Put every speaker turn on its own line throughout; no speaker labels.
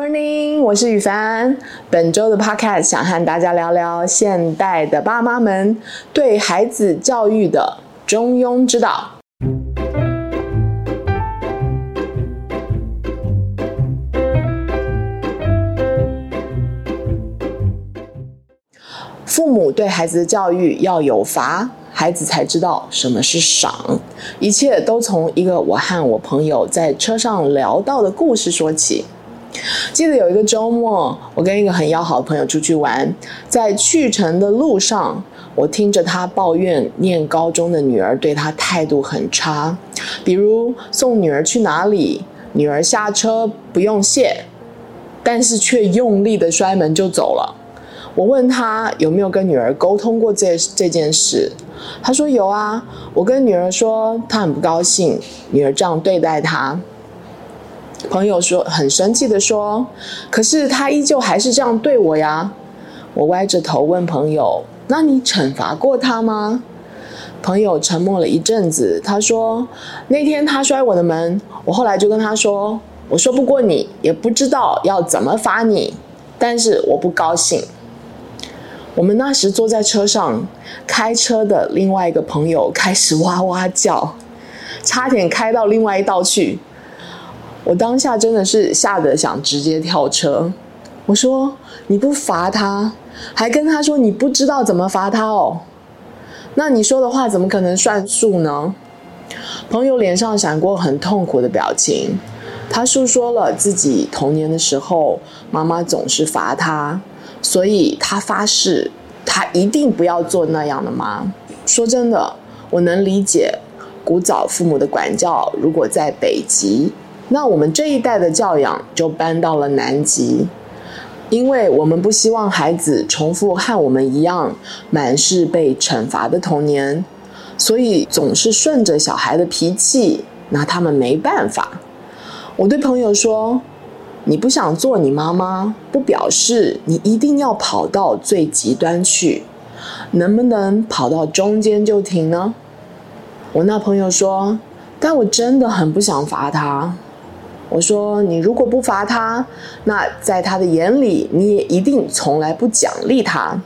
Morning，我是宇凡。本週的 Podcast 想和大家聊聊現代的爸媽們對孩子教育的中庸之道。父母對孩子的教育要有罰，孩子才知道什麼是賞。一切都從一個我和我朋友在車上聊到的故事說起。記得有一個周末，我跟一個很要好的朋友出去玩，在去程的路上，我聽着他抱怨，念高中的女兒對他態度很差，比如送女兒去哪裡，女兒下車不用謝，但是卻用力的摔門就走了。我問他有沒有跟女兒溝通過這這件事？他說有啊，我跟女兒說，她很不高興，女兒這樣對待她。朋友說：“很生氣的說，可是他依舊還是這樣對我呀。”我歪着頭問朋友：“那你懲罰過他嗎？”朋友沉默了一陣子，他說：“那天他摔我的門，我後來就跟他說，我說不過你，也不知道要怎麼罰你，但是我不高興。”我們那時坐在車上，開車的另外一個朋友開始哇哇叫，差點開到另外一道去。我當下真的是嚇得想直接跳車。我說：“你不罰他，還跟他說你不知道怎麼罰他哦？那你說的話怎麼可能算數呢？”朋友臉上閃過很痛苦的表情，他訴說了自己童年的時候，媽媽總是罰他，所以他發誓他一定不要做那樣的媽。說真的，我能理解古早父母的管教，如果在北極。那我們這一代的教養就搬到了南極，因為我們不希望孩子重複和我們一樣滿是被懲罰的童年，所以總是順着小孩的脾氣，拿他們沒辦法。我對朋友說：“你不想做你媽媽，不表示你一定要跑到最極端去，能不能跑到中間就停呢？”我那朋友說：“但我真的很不想罰他。”我說：“你如果不罰他，那在他的眼裡，你也一定從來不獎勵他。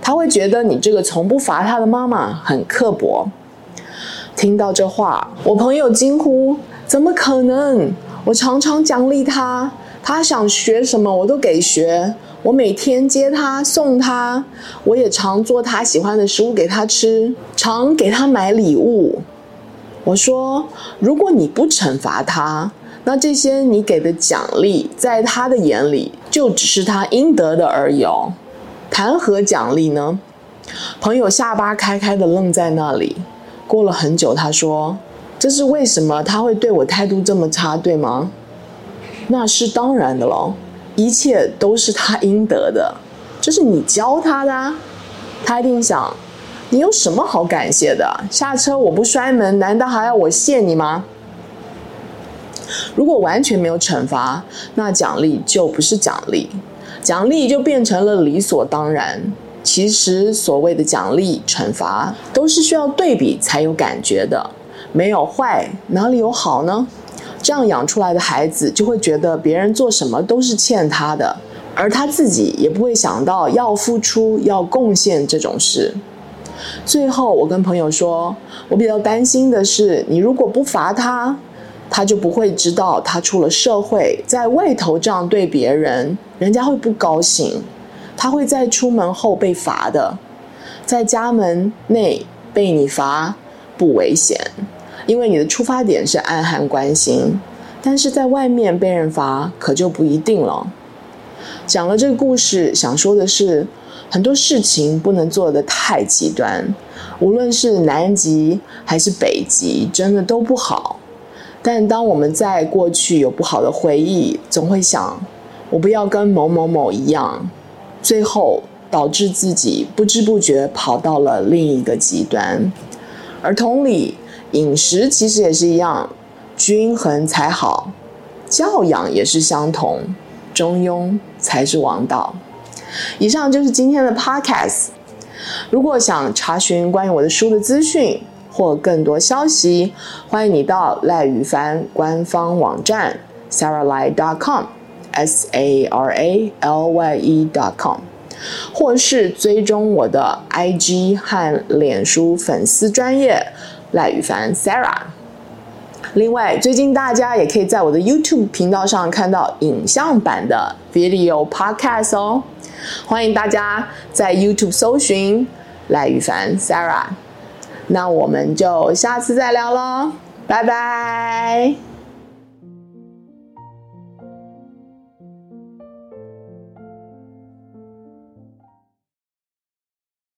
他會覺得你這個從不罰他的媽媽很刻薄。”聽到這話，我朋友驚呼：“怎麼可能？我常常獎勵他，他想學什麼我都給學。我每天接他送他，我也常做他喜歡的食物給他吃，常給他買禮物。”我說：“如果你不懲罰他。”那這些你給的獎勵，在他的眼裡就只是他應得的而已哦，談何獎勵呢？朋友下巴開開的愣在那裡，過了很久，他說：“這是為什麼他會對我態度這麼差，對嗎？”那是當然的嘍，一切都是他應得的，這是你教他的啊。他一定想，你有什麼好感謝的？下車我不摔門，難道還要我謝你嗎？如果完全沒有懲罰，那獎勵就不是獎勵，獎勵就變成了理所當然。其實所謂的獎勵、懲罰都是需要對比才有感覺的，沒有壞哪裡有好呢？這樣養出來的孩子就會覺得別人做什麼都是欠他的，而他自己也不會想到要付出、要貢獻這種事。最後，我跟朋友說，我比較擔心的是，你如果不罰他，他就不會知道，他出了社會，在外頭這樣對別人，人家會不高興。他會在出門後被罰的，在家門內被你罰不危險，因為你的出發點是暗含關心。但是在外面被人罰，可就不一定了。講了這個故事，想說的是，很多事情不能做得太極端，無論是南極還是北極，真的都不好。但當我們在過去有不好的回憶，總會想，我不要跟某某某一樣，最後導致自己不知不覺跑到了另一個極端。而同理，飲食其實也是一樣，均衡才好，教養也是相同，中庸才是王道。以上就是今天的 Podcast。如果想查詢關於我的書的資訊，或更多消息，歡迎你到賴宇凡官方網站 saralye.com s a r a l y e dot com，或是追蹤我的 IG 和臉書粉絲專業賴宇凡 Sara。另外，最近大家也可以在我的 YouTube 頻道上看到影像版的 Video Podcast 哦，歡迎大家在 YouTube 搜尋賴宇凡 Sara。那我們就下次再聊嘍，拜拜。